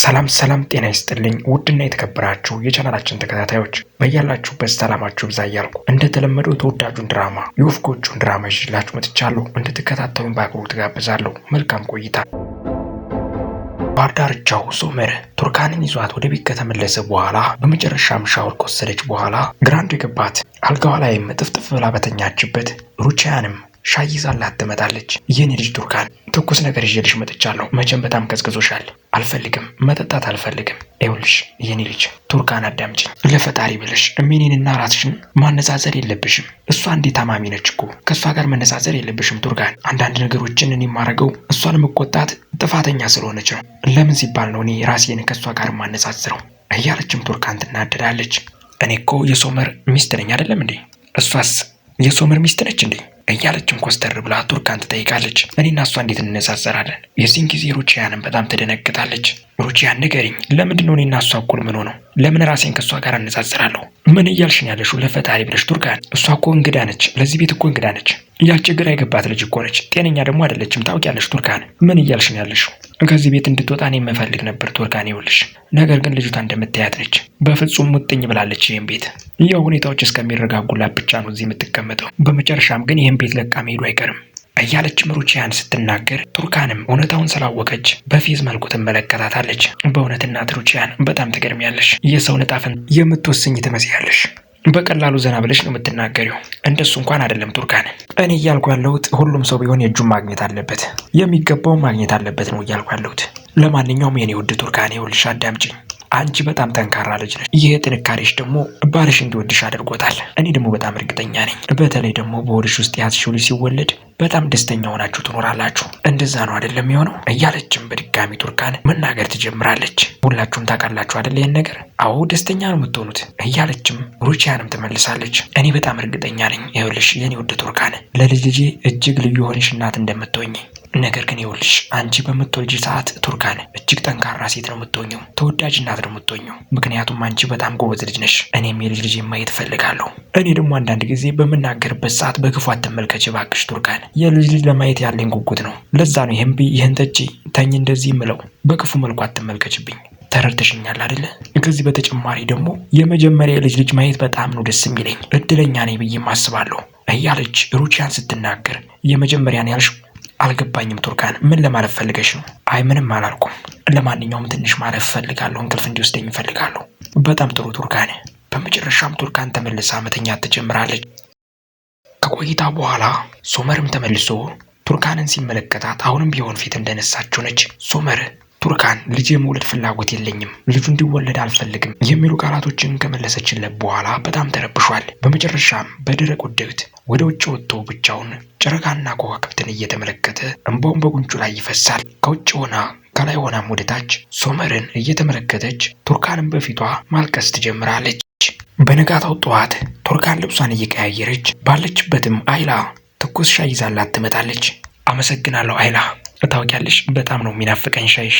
ሰላም ሰላም፣ ጤና ይስጥልኝ ውድና የተከበራችሁ የቻናላችን ተከታታዮች በያላችሁበት ሰላማችሁ ብዛ እያልኩ እንደተለመደው ተወዳጁን ድራማ የወፍ ጎጆን ድራማ ይዤላችሁ መጥቻለሁ። እንድትከታተሉን በአክብሮት ጋብዛለሁ። መልካም ቆይታ። ባህር ዳርቻው ሶመር ቱርካንን ይዟት ወደ ቤት ከተመለሰ በኋላ በመጨረሻም ሻወር ከወሰደች በኋላ ግራንድ የገባት አልጋዋ ላይም ጥፍጥፍ ብላ በተኛችበት ሩቻያንም ሻይ ይዛላት ትመጣለች። ይህን ልጅ ቱርካን ትኩስ ነገር ይዤልሽ መጥቻለሁ። መቼም በጣም ቀዝቅዞሻል። አልፈልግም፣ መጠጣት አልፈልግም። ይኸውልሽ የኔ ልጅ ቱርካን አዳምጪኝ። ለፈጣሪ ብለሽ እሜኔንና ራስሽን ማነጻጸር የለብሽም። እሷ እንዴ ታማሚ ነች እኮ ከእሷ ጋር መነጻጸር የለብሽም ቱርካን። አንዳንድ ነገሮችን እኔ የማረገው እሷን መቆጣት ጥፋተኛ ስለሆነች ነው። ለምን ሲባል ነው እኔ ራሴን ከእሷ ጋር ማነጻጽረው? እያለችም ቱርካን ትናደዳለች። እኔ እኮ የሶመር ሚስት ነኝ አይደለም እንዴ? እሷስ የሶመር ሚስት ነች እንዴ? እያለችም ኮስተር ብላ ቱርካን ትጠይቃለች። እኔና እሷ እንዴት እንነጻጸራለን? የዚህን ጊዜ ሩቺያንም በጣም ትደነግጣለች። ሩቺያን ንገሪኝ፣ ለምንድን ነው እኔና እሷ እኩል ምን ሆነው? ለምን ራሴን ከእሷ ጋር አነጻጽራለሁ? ምን እያልሽ ነው ያለሽው? ለፈጣሪ ብለሽ ቱርካን፣ እሷ እኮ እንግዳ ነች፣ ለዚህ ቤት እኮ እንግዳ ነች። ያች ግራ የገባት ልጅ እኮ ነች፣ ጤነኛ ደግሞ አይደለችም። ታውቂያለሽ ቱርካን። ምን እያልሽ ነው ያለሽው? ከዚህ ቤት እንድትወጣ እኔ የምፈልግ ነበር ቱርካን፣ ይኸውልሽ። ነገር ግን ልጅቷ እንደምታያት ነች፣ በፍጹም ሙጥኝ ብላለች። ይህን ቤት ያው ሁኔታዎች እስከሚረጋጉላት ብቻ ነው እዚህ የምትቀመጠው። በመጨረሻም ግን ይህን ቤት ለቃ መሄዱ አይቀርም። እያለችም ሩቺያን ስትናገር ቱርካንም እውነታውን ስላወቀች በፌዝ መልኩ ትመለከታታለች። በእውነት እናት ሩቺያን በጣም ትገርሚያለሽ። የሰው ንጣፍን የምትወስኝ ትመስያለሽ። በቀላሉ ዘና ብለሽ ነው የምትናገሪው። እንደሱ እንኳን አይደለም ቱርካን፣ እኔ እያልኩ ያለሁት ሁሉም ሰው ቢሆን የእጁን ማግኘት አለበት፣ የሚገባውን ማግኘት አለበት ነው እያልኩ ያለሁት። ለማንኛውም የኔ ውድ ቱርካን ይኸውልሽ አዳምጪኝ አንቺ በጣም ጠንካራ ልጅ ነሽ። ይህ ጥንካሬሽ ደግሞ ባልሽ እንዲወድሽ አድርጎታል። እኔ ደግሞ በጣም እርግጠኛ ነኝ። በተለይ ደግሞ በወድሽ ውስጥ ያዝሽው ልጅ ሲወለድ በጣም ደስተኛ ሆናችሁ ትኖራላችሁ። እንደዛ ነው አይደለም የሆነው? እያለችም በድጋሚ ቱርካን መናገር ትጀምራለች። ሁላችሁም ታውቃላችሁ አይደል ይህን ነገር? አዎ ደስተኛ ነው የምትሆኑት እያለችም ሩቺያንም ትመልሳለች። እኔ በጣም እርግጠኛ ነኝ። ይኸውልሽ የኔ ውድ ቱርካን ለልጅ ልጄ እጅግ ልዩ የሆንሽ እናት እንደምትሆኝ ነገር ግን ይኸውልሽ አንቺ በምትወልጅ ሰዓት ቱርካን እጅግ ጠንካራ ሴት ነው የምትሆኘው። ተወዳጅ እናት ነው የምትሆኘው። ምክንያቱም አንቺ በጣም ጎበዝ ልጅ ነሽ። እኔም የልጅ ልጅ ማየት እፈልጋለሁ። እኔ ደግሞ አንዳንድ ጊዜ በምናገርበት ሰዓት በክፉ አትመልከች እባክሽ ቱርካን። የልጅ ልጅ ለማየት ያለኝ ጉጉት ነው። ለዛ ነው ይህን ብይ፣ ይህን ጠጪ፣ ተኝ እንደዚህ ምለው። በክፉ መልኩ አትመልከችብኝ። ተረድተሽኛል አይደለ? ከዚህ በተጨማሪ ደግሞ የመጀመሪያ የልጅ ልጅ ማየት በጣም ነው ደስ የሚለኝ። እድለኛ ነኝ ብዬም አስባለሁ እያለች ሩቺያን ስትናገር የመጀመሪያን ያልሽው አልገባኝም። ቱርካን ምን ለማለት ፈልገሽ ነው? አይ ምንም አላልኩም። ለማንኛውም ትንሽ ማረፍ እፈልጋለሁ። እንቅልፍ እንዲወስደኝ እፈልጋለሁ። በጣም ጥሩ ቱርካን። በመጨረሻም ቱርካን ተመልሳ መተኛት ትጀምራለች። ከቆይታ በኋላ ሶመርም ተመልሶ ቱርካንን ሲመለከታት አሁንም ቢሆን ፊት እንደነሳችው ነች። ሶመር ቱርካን ልጅ የመውለድ ፍላጎት የለኝም፣ ልጁ እንዲወለድ አልፈልግም የሚሉ ቃላቶችን ከመለሰችለት በኋላ በጣም ተረብሿል። በመጨረሻም በደረቅ ውድብት ወደ ውጭ ወጥቶ ብቻውን ጨረቃና ከዋክብትን እየተመለከተ እንባውን በጉንጩ ላይ ይፈሳል። ከውጭ ሆና ከላይ ሆናም ወደታች ሶመርን እየተመለከተች ቱርካንም በፊቷ ማልቀስ ትጀምራለች። በነጋታው ጠዋት ቱርካን ልብሷን እየቀያየረች ባለችበትም አይላ ትኩስ ሻይ ይዛላት ትመጣለች። አመሰግናለሁ አይላ፣ እታውቂያለሽ በጣም ነው የሚናፍቀኝ ሻይሽ።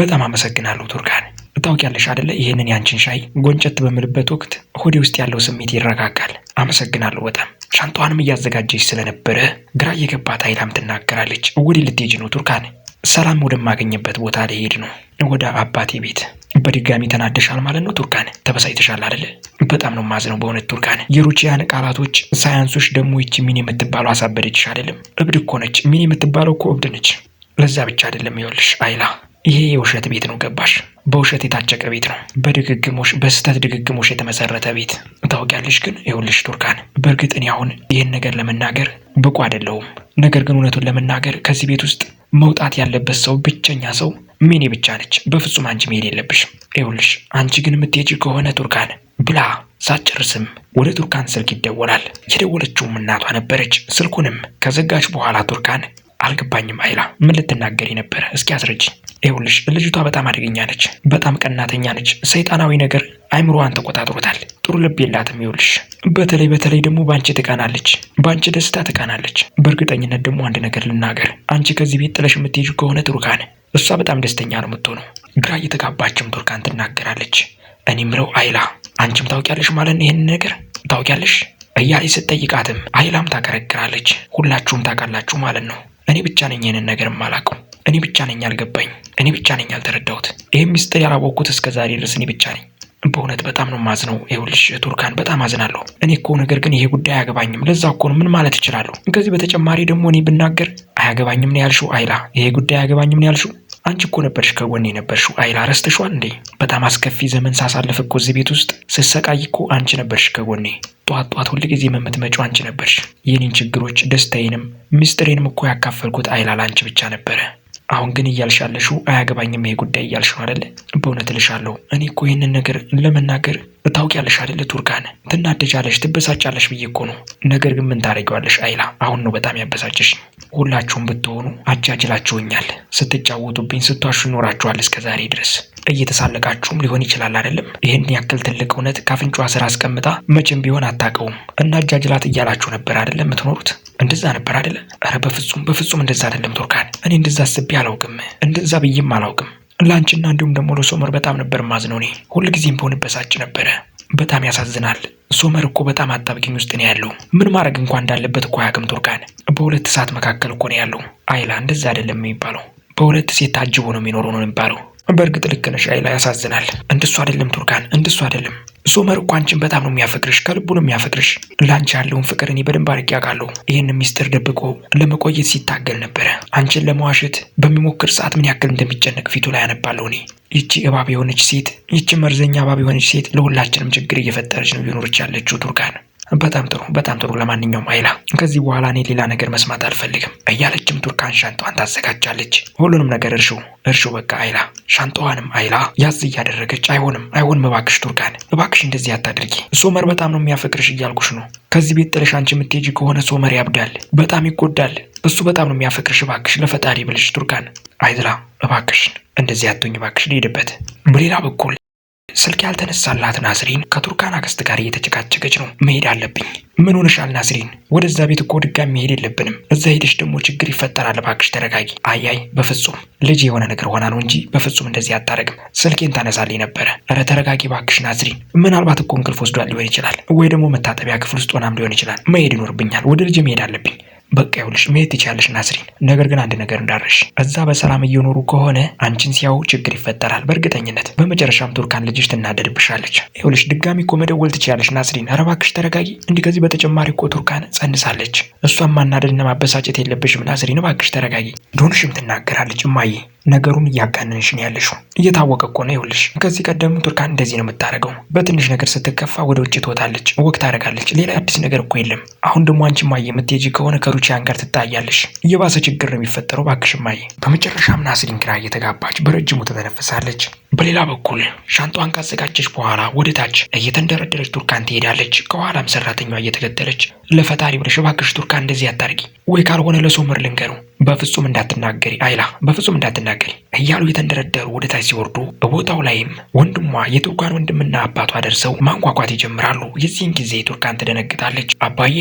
በጣም አመሰግናለሁ ቱርካን። እታውቂያለሽ አደለ ይህንን ያንቺን ሻይ ጎንጨት በምልበት ወቅት ሆዴ ውስጥ ያለው ስሜት ይረጋጋል። አመሰግናለሁ በጣም ሻንጣዋንም እያዘጋጀች ስለነበረ ግራ እየገባት አይላም ትናገራለች። ወደ ልትሄጂ ነው ቱርካን? ሰላም ወደማገኝበት ቦታ ልሄድ ነው፣ ወደ አባቴ ቤት። በድጋሚ ተናደሻል ማለት ነው ቱርካን? ተበሳጭተሻል አይደል? በጣም ነው ማዝነው በእውነት ቱርካን። የሩቺያን ቃላቶች ሳያንሶች ደግሞ ይቺ ሚን የምትባለው አሳበደችሽ አይደለም? እብድ እኮ ነች ሚን የምትባለው እኮ እብድ ነች። ለዛ ብቻ አይደለም ይኸውልሽ አይላ፣ ይሄ የውሸት ቤት ነው ገባሽ? በውሸት የታጨቀ ቤት ነው። በድግግሞሽ በስህተት ድግግሞሽ የተመሰረተ ቤት ታውቂያለሽ። ግን ይኸውልሽ ቱርካን፣ በእርግጥ እኔ አሁን ይህን ነገር ለመናገር ብቁ አይደለሁም። ነገር ግን እውነቱን ለመናገር ከዚህ ቤት ውስጥ መውጣት ያለበት ሰው ብቸኛ ሰው ሚኔ ብቻ ነች። በፍጹም አንቺ መሄድ የለብሽም። ይኸውልሽ አንቺ ግን የምትሄጂ ከሆነ ቱርካን ብላ ሳትጨርስም ወደ ቱርካን ስልክ ይደወላል። የደወለችውም እናቷ ነበረች። ስልኩንም ከዘጋች በኋላ ቱርካን አልገባኝም አይላ ምን ልትናገር ነበር? እስኪ አስረጅኝ። ይኸውልሽ ልጅቷ በጣም አደገኛ ነች፣ በጣም ቀናተኛ ነች። ሰይጣናዊ ነገር አይምሮዋን ተቆጣጥሮታል። ጥሩ ልብ የላትም። ይኸውልሽ በተለይ በተለይ ደግሞ በአንቺ ትቃናለች፣ በአንቺ ደስታ ትቃናለች። በእርግጠኝነት ደግሞ አንድ ነገር ልናገር፣ አንቺ ከዚህ ቤት ጥለሽ የምትሄጂ ከሆነ ቱርካን፣ እሷ በጣም ደስተኛ ነው የምትሆነው። ግራ እየተጋባችም ቱርካን ትናገራለች። እኔ ምለው አይላ፣ አንቺም ታውቂያለሽ ማለት ነው ይህንን ነገር ታውቂያለሽ እያለች ስትጠይቃትም አይላም ታከረክራለች። ሁላችሁም ታውቃላችሁ ማለት ነው። እኔ ብቻ ነኝ ይህንን ነገር የማላውቀው። እኔ ብቻ ነኝ ያልገባኝ። እኔ ብቻ ነኝ ያልተረዳሁት። ይህ ሚስጥር ያላወቅኩት እስከ ዛሬ ድረስ እኔ ብቻ ነኝ። በእውነት በጣም ነው ማዝነው። ይኸውልሽ ቱርካን፣ በጣም አዝናለሁ እኔ እኮ ነገር ግን ይሄ ጉዳይ አያገባኝም። ለዛ እኮ ነው ምን ማለት እችላለሁ። ከዚህ በተጨማሪ ደግሞ እኔ ብናገር አያገባኝም ነው ያልሽው አይላ? ይሄ ጉዳይ አያገባኝም ነው ያልሽው አንቺ እኮ ነበርሽ ከጎን የነበርሽው አይል አረስተሿል እንዴ? በጣም አስከፊ ዘመን ሳሳልፍ እኮ እዚህ ቤት ውስጥ ስሰቃይ እኮ አንቺ ነበርሽ ከጎኔ። ጧት ጧት ጊዜ የምትመጪው አንቺ ነበርሽ። የኔን ችግሮች፣ ደስታዬንም ምስጢሬንም እኮ ያካፈልኩት አይላ አንቺ ብቻ ነበረ። አሁን ግን እያልሻለሽው አያገባኝም ይሄ ጉዳይ እያልሽው አደለ በእውነት እልሻለሁ እኔ እኮ ይህንን ነገር ለመናገር ታውቂያለሽ አደለ ቱርካን ትናደጃለሽ፣ ትበሳጫለሽ ብዬ እኮ ነው። ነገር ግን ምን ታደርጊዋለሽ አይላ፣ አሁን ነው በጣም ያበሳጭሽ። ሁላችሁም ብትሆኑ አጃጅላችሁኛል፣ ስትጫወቱብኝ፣ ስቷሹ ይኖራችኋል እስከ ዛሬ ድረስ እየተሳለቃችሁም ሊሆን ይችላል አይደለም። ይህን ያክል ትልቅ እውነት ከአፍንጫዋ ስር አስቀምጣ መቼም ቢሆን አታውቀውም እና አጃጅላት እያላችሁ ነበር አይደለም የምትኖሩት እንደዛ ነበር አይደለ? ኧረ በፍጹም በፍጹም እንደዛ አይደለም ቱርካን። እኔ እንደዛ አስቤ አላውቅም፣ እንደዛ ብዬም አላውቅም። ለአንቺና እንዲሁም ደግሞ ለሶመር በጣም ነበር ማዝነው። እኔ ሁልጊዜም በሆን በሳጭ ነበረ። በጣም ያሳዝናል። ሶመር እኮ በጣም አጣብቂኝ ውስጥ ነው ያለው። ምን ማድረግ እንኳን እንዳለበት እኮ አያውቅም ቱርካን። በሁለት ሰዓት መካከል እኮ ነው ያለው። አይላ እንደዛ አይደለም የሚባለው። በሁለት ሴት ታጅቦ ነው የሚኖረው ነው የሚባለው። በእርግጥ ልክ ነሽ አይላ፣ ያሳዝናል። እንድሱ አይደለም ቱርካን፣ እንድሱ አይደለም። ሶመር እኮ አንቺን በጣም ነው የሚያፈቅርሽ፣ ከልቡ ነው የሚያፈቅርሽ። ላንቺ ያለውን ፍቅር እኔ በደንብ አድርጌ አውቃለሁ። ይህን ሚስጥር ደብቆ ለመቆየት ሲታገል ነበረ። አንቺን ለመዋሸት በሚሞክር ሰዓት ምን ያክል እንደሚጨነቅ ፊቱ ላይ አነባለሁ እኔ። ይቺ እባብ የሆነች ሴት፣ ይቺ መርዘኛ እባብ የሆነች ሴት ለሁላችንም ችግር እየፈጠረች ነው እየኖረች ያለችው ቱርካን በጣም ጥሩ በጣም ጥሩ። ለማንኛውም አይላ ከዚህ በኋላ እኔ ሌላ ነገር መስማት አልፈልግም እያለችም ቱርካን ሻንጣዋን ታዘጋጃለች። ሁሉንም ነገር እርሹ እርሹ በቃ አይላ። ሻንጣዋንም አይላ ያዝ እያደረገች አይሆንም፣ አይሆንም፣ እባክሽ ቱርካን፣ እባክሽ እንደዚህ አታድርጊ። ሶመር በጣም ነው የሚያፈቅርሽ እያልኩሽ ነው። ከዚህ ቤት ጥለሽ አንቺ የምትሄጂ ከሆነ ሶመር ያብዳል፣ በጣም ይጎዳል። እሱ በጣም ነው የሚያፈቅርሽ። እባክሽ ለፈጣሪ ብልሽ ቱርካን አይዝላ፣ እባክሽ እንደዚህ አትሁኝ፣ እባክሽ ልሄድበት። በሌላ በኩል ስልክ ያልተነሳላት ናስሪን ከቱርካን አክስት ጋር እየተጨቃጨቀች ነው። መሄድ አለብኝ። ምን ሆነሻል ናስሪን? ወደዛ ቤት እኮ ድጋሚ መሄድ የለብንም። እዛ ሄደሽ ደግሞ ችግር ይፈጠራል። እባክሽ ተረጋጊ። አያይ በፍጹም ልጅ የሆነ ነገር ሆና ነው እንጂ በፍጹም እንደዚህ አታረግም። ስልኬን ታነሳልኝ ነበረ። እረ ተረጋጊ እባክሽ ናስሪን። ምናልባት እኮ እንቅልፍ ወስዷል ሊሆን ይችላል፣ ወይ ደግሞ መታጠቢያ ክፍል ውስጥ ሆናም ሊሆን ይችላል። መሄድ ይኖርብኛል። ወደ ልጅ መሄድ አለብኝ። በቃ ይኸውልሽ መሄድ ትችያለሽ ናስሪን፣ ነገር ግን አንድ ነገር እንዳረሽ እዛ በሰላም እየኖሩ ከሆነ አንቺን ሲያው ችግር ይፈጠራል በእርግጠኝነት። በመጨረሻም ቱርካን ልጅሽ ትናደድብሻለች። ይኸውልሽ ድጋሚ እኮ መደወል ትችያለሽ ናስሪን፣ ኧረ እባክሽ ተረጋጊ። እንዲህ ከዚህ በተጨማሪ እኮ ቱርካን ጸንሳለች። እሷን ማናደድና ማበሳጨት የለብሽም ናስሪን፣ እባክሽ ተረጋጊ። ዶንሽም ትናገራለች እማዬ ነገሩን እያጋነንሽ ነው ያለሽ። እየታወቀ እኮ ነው። ይኸውልሽ ከዚህ ቀደም ቱርካን እንደዚህ ነው የምታደርገው። በትንሽ ነገር ስትከፋ ወደ ውጭ ትወጣለች፣ ወቅ ታደርጋለች። ሌላ አዲስ ነገር እኮ የለም። አሁን ደግሞ አንቺ ማየ የምትሄጂ ከሆነ ከሩቺያን ጋር ትታያለሽ። እየባሰ ችግር ነው የሚፈጠረው። እባክሽ ማየ። በመጨረሻም ናስሪን ግራ እየተጋባች በረጅሙ ትተነፍሳለች። በሌላ በኩል ሻንጧን ካዘጋጀች በኋላ ወደ ታች እየተንደረደረች ቱርካን ትሄዳለች። ከኋላም ሰራተኛዋ እየተከተለች ለፈጣሪ ብለሽ እባክሽ ቱርካን እንደዚህ አታርጊ፣ ወይ ካልሆነ ለሶመር ልንገረው በፍጹም እንዳትናገሪ አይላ፣ በፍጹም እንዳትናገሪ እያሉ የተንደረደሩ ወደ ታች ሲወርዱ በቦታው ላይም ወንድሟ የቱርካን ወንድምና አባቷ ደርሰው ማንኳኳት ይጀምራሉ። የዚህን ጊዜ ቱርካን ትደነግጣለች። አባዬ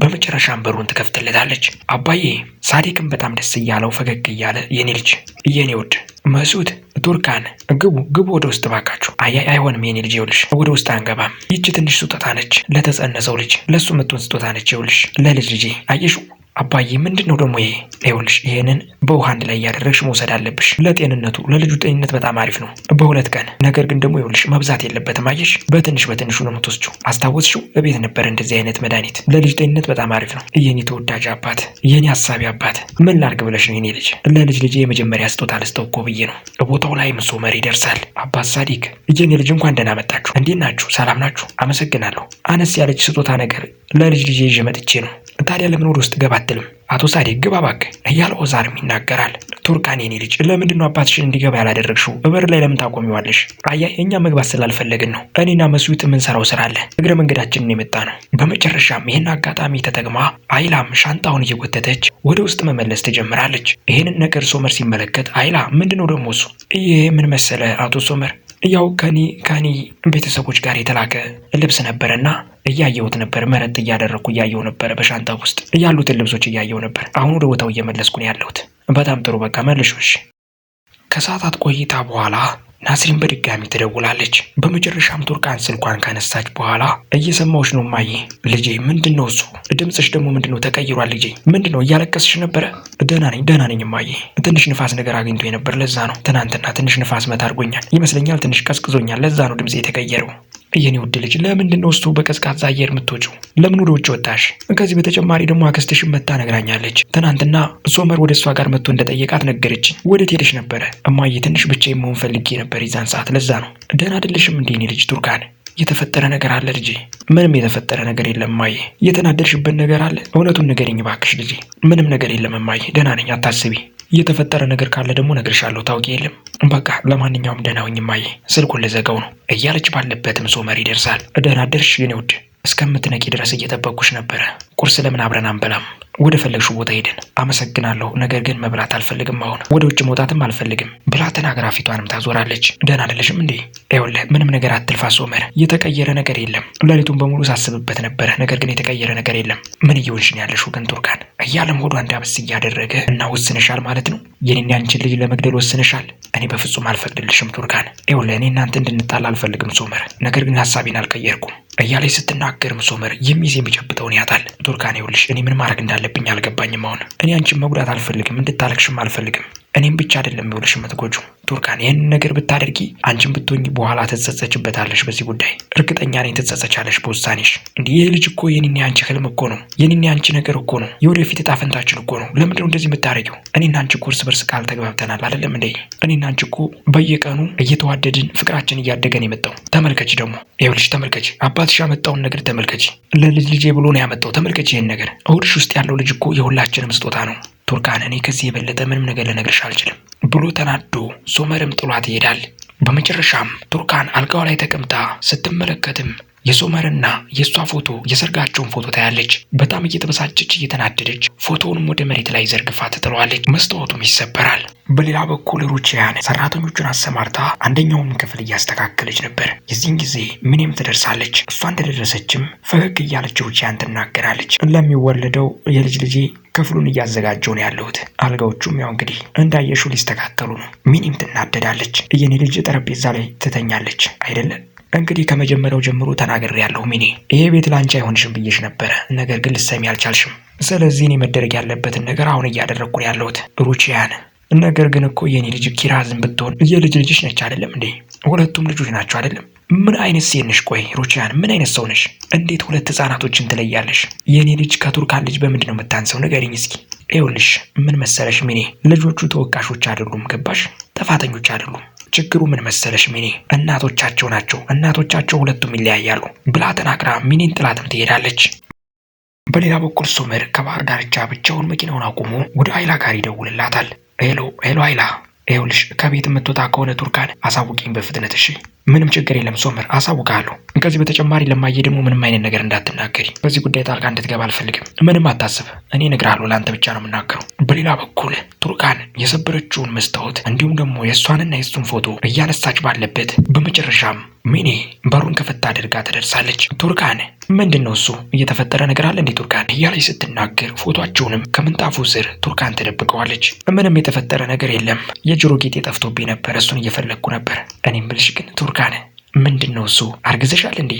በመጨረሻም በሩን ትከፍትለታለች። አባዬ ሳዲቅም በጣም ደስ እያለው ፈገግ እያለ የኔ ልጅ የኔ ውድ መሱት ቱርካን ግቡ ግቡ፣ ወደ ውስጥ ባካችሁ። አያይ አይሆንም የኔ ልጅ ይውልሽ፣ ወደ ውስጥ አንገባም። ይቺ ትንሽ ስጦታ ነች፣ ለተጸነሰው ልጅ ለእሱ ምጡን ስጦታ ነች። ይውልሽ ለልጅ ልጄ አየሽው አባዬ ምንድን ነው ደግሞ ይሄ? ይኸውልሽ ይሄንን በውሃ አንድ ላይ እያደረግሽ መውሰድ አለብሽ። ለጤንነቱ ለልጁ ጤንነት በጣም አሪፍ ነው። በሁለት ቀን ነገር ግን ደግሞ ይኸውልሽ መብዛት የለበትም አየሽ። በትንሽ በትንሹ ነው የምትወስጂው። አስታወስሽው? እቤት ነበር እንደዚህ አይነት መድኃኒት። ለልጅ ጤንነት በጣም አሪፍ ነው። የኔ ተወዳጅ አባት፣ የኔ ሀሳቢ አባት፣ ምን ላርግ ብለሽ ነው የኔ ልጅ። ለልጅ ልጄ የመጀመሪያ ስጦታ ልስጠው እኮ ብዬ ነው። ቦታው ላይ ምሶ መሪ ይደርሳል። አባት ሳዲክ፣ የኔ ልጅ እንኳን ደህና መጣችሁ። እንዴት ናችሁ? ሰላም ናችሁ? አመሰግናለሁ። አነስ ያለች ስጦታ ነገር ለልጅ ልጅ ይዤ መጥቼ ነው ታዲያ ለምን ወደ ውስጥ ገባ አትልም? አቶ ሳዴ ግባ እባክህ እያለ ኦዛርም ይናገራል። ቱርካን የኔ ልጅ ለምንድን ነው አባትሽን እንዲገባ ያላደረግሽው? እበር ላይ ለምን ታቆሚዋለሽ? አያ እኛ መግባት ስላልፈለግን ነው። እኔና መስዊት የምንሰራው ስራ አለ። እግረ መንገዳችንን የመጣ ነው። በመጨረሻም ይህን አጋጣሚ ተጠቅማ አይላም ሻንጣውን እየጎተተች ወደ ውስጥ መመለስ ትጀምራለች። ይህንን ነገር ሶመር ሲመለከት አይላ ምንድን ነው ደግሞ እሱ ይህ ምን መሰለ አቶ ሶመር ያው ከኔ ከኔ ቤተሰቦች ጋር የተላከ ልብስ ነበረና እያየሁት ነበር። መረጥ እያደረግኩ እያየሁ ነበረ። በሻንጣ ውስጥ ያሉትን ልብሶች እያየሁ ነበር። አሁን ወደ ቦታው እየመለስኩ ነው ያለሁት። በጣም ጥሩ። በቃ መልሾሽ። ከሰዓታት ቆይታ በኋላ ናስሪን በድጋሚ ትደውላለች። በመጨረሻም ቱርካን ስልኳን ካነሳች በኋላ እየሰማሁሽ ነው እማዬ። ልጄ ምንድን ነው እሱ? ድምፅሽ ደግሞ ምንድን ነው ተቀይሯል? ልጄ ምንድን ነው እያለቀስሽ ነበረ? ደህና ነኝ ደህና ነኝ እማዬ። ትንሽ ንፋስ ነገር አግኝቶ የነበር ለዛ ነው። ትናንትና ትንሽ ንፋስ መታ አድርጎኛል ይመስለኛል። ትንሽ ቀዝቅዞኛል። ለዛ ነው ድምፅ የተቀየረው የኔ ውድ ልጅ ለምንድን ነው እሱ በቀዝቃዛ አየር የምትወጪው? ለምን ወደ ውጭ ወጣሽ? ከዚህ በተጨማሪ ደግሞ አክስትሽን መታ ነግራኛለች። ትናንትና ሶመር ወደ እሷ ጋር መጥቶ እንደጠየቃት ነገረች። ወዴት ሄደሽ ነበረ? እማዬ ትንሽ ብቻ መሆን ፈልጌ ነበር የዛን ሰዓት፣ ለዛ ነው። ደህና አይደለሽም እንዴ? የኔ ልጅ ቱርካን የተፈጠረ ነገር አለ ልጄ? ምንም የተፈጠረ ነገር የለም እማዬ። የተናደድሽበት ነገር አለ? እውነቱን ንገሪኝ እባክሽ ልጄ። ምንም ነገር የለም እማዬ፣ ደህና ነኝ፣ አታስቢ። የተፈጠረ ነገር ካለ ደግሞ እነግርሻለሁ። ታውቂ የለም በቃ ለማንኛውም ደህና ሁኝ እማዬ፣ ስልኩን ልዘጋው ነው እያለች ባለበትም ሶመር ይደርሳል። ደህና አደርሽ የኔ ውድ እስከምትነቂ ድረስ እየጠበቁሽ ነበረ። ቁርስ ለምን አብረን አንበላም? ወደ ፈለግሹ ቦታ ሄደን። አመሰግናለሁ፣ ነገር ግን መብላት አልፈልግም። አሁን ወደ ውጭ መውጣትም አልፈልግም ብላ ተናግራ ፊቷንም ታዞራለች። ደህና አይደለሽም እንዴ? ይኸውልህ፣ ምንም ነገር አትልፋ ሶመር፣ የተቀየረ ነገር የለም። ሌሊቱን በሙሉ ሳስብበት ነበረ፣ ነገር ግን የተቀየረ ነገር የለም። ምን እየሆንሽ ነው ያለሽው ግን ቱርካን? እያለም ሆዷ እንዳብስ እያደረገ እና ውስንሻል ማለት ነው የኔና ያንቺን ልጅ ለመግደል ወስንሻል። እኔ በፍጹም አልፈቅድልሽም ቱርካን። ይኸውልህ እኔ እናንተ እንድንጣል አልፈልግም ሶመር፣ ነገር ግን ሀሳቤን አልቀየርኩም እያለች ስትናገርም ሶመር የሚይዝ የሚጨብጠውን ያጣል። ቱርካን ይኸውልሽ እኔ ምን ማድረግ እንዳለብኝ አልገባኝም። አሁን እኔ አንቺን መጉዳት አልፈልግም፣ እንድታለቅሽም አልፈልግም። እኔም ብቻ አይደለም ይኸውልሽ የምትጎጂው ቱርካን። ይህን ነገር ብታደርጊ አንቺን ብትሆኝ በኋላ ትጸጸችበታለሽ። በዚህ ጉዳይ እርግጠኛ ነኝ ትጸጸቻለሽ በውሳኔሽ። እንዲህ ይህ ልጅ እኮ የኔና ያንቺ ህልም እኮ ነው፣ የኔና ያንቺ ነገር እኮ ነው፣ የወደፊት እጣ ፈንታችን እኮ ነው። ለምንድነው እንደዚህ የምታደርጊው? እኔና አንቺ እኮ እርስ በርስ በጥርስ ቃል ተግባብተናል አይደለም እንዴ? እኔና አንቺ እኮ በየቀኑ እየተዋደድን ፍቅራችን እያደገን የመጣው ተመልከች። ደግሞ ይኸውልሽ ተመልከች፣ አባትሽ ያመጣውን ነገር ተመልከች። ለልጅ ልጄ ብሎ ነው ያመጣው። ተመልከች ይህን ነገር። እሁድሽ ውስጥ ያለው ልጅ እኮ የሁላችንም ስጦታ ነው። ቱርካን፣ እኔ ከዚህ የበለጠ ምንም ነገር ልነግርሽ አልችልም ብሎ ተናዶ ሶመርም ጥሏት ይሄዳል። በመጨረሻም ቱርካን አልጋዋ ላይ ተቀምጣ ስትመለከትም የሶመርና የእሷ ፎቶ የሰርጋቸውን ፎቶ ታያለች። በጣም እየተበሳጨች እየተናደደች ፎቶውንም ወደ መሬት ላይ ዘርግፋ ትጥለዋለች። መስታወቱም ይሰበራል። በሌላ በኩል ሩቺያን ሰራተኞቹን አሰማርታ አንደኛውን ክፍል እያስተካከለች ነበር። የዚህን ጊዜ ምንም ትደርሳለች። እሷ እንደደረሰችም ፈገግ እያለች ሩቺያን ትናገራለች። ለሚወለደው የልጅ ልጄ ክፍሉን እያዘጋጀው ነው ያለሁት። አልጋዎቹም ያው እንግዲህ እንዳየሹ ሊስተካከሉ ነው። ሚኒም ትናደዳለች። የኔ ልጅ ጠረጴዛ ላይ ትተኛለች አይደለም። እንግዲህ ከመጀመሪያው ጀምሮ ያለው ሚኔ፣ ይሄ ቤት ላንቺ አይሆንሽም ብዬሽ ነበረ፣ ነገር ግን ልትሰሚ አልቻልሽም። ስለዚህ እኔ መደረግ ያለበትን ነገር አሁን እያደረግኩ ነው ያለሁት ሩቺያን። ነገር ግን እኮ የእኔ ልጅ ኪራዝም ብትሆን የልጅ ልጅሽ ነች አይደለም እንዴ? ሁለቱም ልጆች ናቸው አይደለም? ምን አይነት ሴት ነሽ? ቆይ ሩቺያን፣ ምን አይነት ሰው ነሽ? እንዴት ሁለት ህጻናቶችን ትለያለሽ? የእኔ ልጅ ከቱርካን ልጅ በምንድን ነው የምታንሰው? ንገሪኝ እስኪ። ይኸውልሽ ምን መሰለሽ ሚኔ፣ ልጆቹ ተወቃሾች አይደሉም ገባሽ? ጥፋተኞች አይደሉም። ችግሩ ምን መሰለሽ ሚኒ እናቶቻቸው ናቸው። እናቶቻቸው ሁለቱም ይለያያሉ ብላ ተናግራ ሚኒን ጥላትም ትሄዳለች። በሌላ በኩል ሶመር ከባህር ዳርቻ ብቻውን መኪናውን አቁሞ ወደ አይላ ጋር ይደውልላታል። ሄሎ ሄሎ አይላ ይኸውልሽ ከቤት የምትወጣ ከሆነ ቱርካን አሳውቂኝ በፍጥነት እሺ። ምንም ችግር የለም ሶመር፣ አሳውቃለሁ። ከዚህ በተጨማሪ ለማየ ደግሞ ምንም አይነት ነገር እንዳትናገሪ። በዚህ ጉዳይ ጣልቃ እንድትገባ አልፈልግም። ምንም አታስብ፣ እኔ እነግርሃለሁ። ለአንተ ብቻ ነው የምናገረው። በሌላ በኩል ቱርካን የሰበረችውን መስታወት እንዲሁም ደግሞ የእሷንና የእሱን ፎቶ እያነሳች ባለበት በመጨረሻም ሚኔ በሩን ከፈታ አድርጋ ትደርሳለች። ቱርካን ምንድን ነው እሱ? እየተፈጠረ ነገር አለ እንዴ ቱርካን? እያለች ስትናገር ፎቷቸውንም ከምንጣፉ ስር ቱርካን ትደብቀዋለች። ምንም የተፈጠረ ነገር የለም፣ የጆሮ ጌጤ ጠፍቶብኝ ነበር፣ እሱን እየፈለግኩ ነበር። እኔ ምልሽ ግን ቱርካን ምንድን ነው እሱ? አርግዘሻል እንዴ?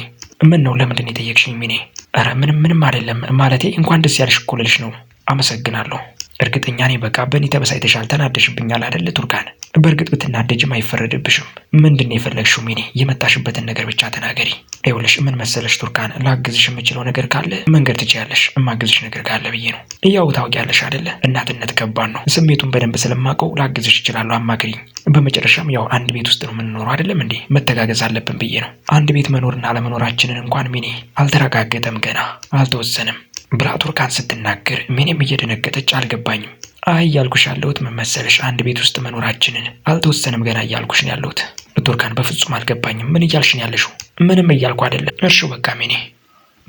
ምን ነው ለምንድን የጠየቅሽኝ ሚኔ? ኧረ ምንም ምንም አይደለም። ማለቴ እንኳን ደስ ያለሽ እኮ ልልሽ ነው። አመሰግናለሁ እርግጠኛ ነኝ በቃ በእኔ ተበሳይተሻል፣ ተናደሽብኛል አደለ ቱርካን? በእርግጥ ብትናደጅም አይፈረድብሽም። ምንድን ነው የፈለግሽው? ሚኔ የመጣሽበትን ነገር ብቻ ተናገሪ። ይኸውልሽ ምን መሰለሽ ቱርካን፣ ላግዝሽ የምችለው ነገር ካለ መንገድ ትችያለሽ። እማግዝሽ ነገር ካለ ብዬ ነው። ያው ታውቂያለሽ አይደለ እናትነት ከባድ ነው። ስሜቱን በደንብ ስለማውቀው ላግዝሽ እችላለሁ። አማክሪኝ። በመጨረሻም ያው አንድ ቤት ውስጥ ነው የምንኖረው አይደለም እንዴ? መተጋገዝ አለብን ብዬ ነው። አንድ ቤት መኖርና አለመኖራችንን እንኳን ሚኔ አልተረጋገጠም፣ ገና አልተወሰንም። ብላ ቱርካን ስትናገር ምንም እየደነገጠች አልገባኝም። አይ እያልኩሽ ያለሁት ምን መሰለሽ፣ አንድ ቤት ውስጥ መኖራችንን አልተወሰንም ገና እያልኩሽ ነው ያለሁት። ቱርካን በፍጹም አልገባኝም። ምን እያልሽ ነው ያለሽው? ምንም እያልኩ አይደለም። እርሺ በቃ ሚኔ፣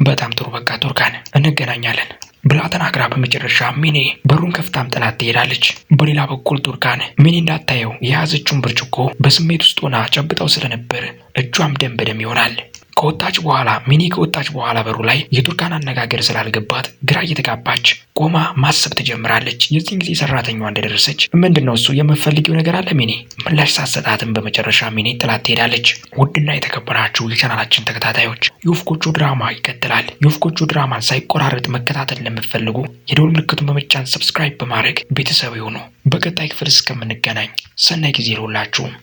በጣም ጥሩ በቃ ቱርካን እንገናኛለን ብላ ተናግራ በመጨረሻ ሚኔ በሩን ከፍታም ጥላት ትሄዳለች። በሌላ በኩል ቱርካን ሚኔ እንዳታየው የያዘችውን ብርጭቆ በስሜት ውስጥ ሆና ጨብጠው ስለነበር እጇም ደም በደም ይሆናል። ከወጣች በኋላ ሚኒ ከወጣች በኋላ በሩ ላይ የቱርካን አነጋገር ስላልገባት ግራ እየተጋባች ቆማ ማሰብ ትጀምራለች። የዚህን ጊዜ ሰራተኛዋ እንደደረሰች ምንድን ነው እሱ የምፈልጊው ነገር አለ ሚኒ? ምላሽ ሳሰጣትም በመጨረሻ ሚኒ ጥላት ትሄዳለች። ውድና የተከበራችሁ የቻናላችን ተከታታዮች የወፍ ጎጆ ድራማ ይቀጥላል። የወፍ ጎጆ ድራማን ሳይቆራረጥ መከታተል ለምትፈልጉ የደወል ምልክቱን በመጫን ሰብስክራይብ በማድረግ ቤተሰብ ይሁኑ። በቀጣይ ክፍል እስከምንገናኝ ሰናይ ጊዜ ይሁንላችሁም።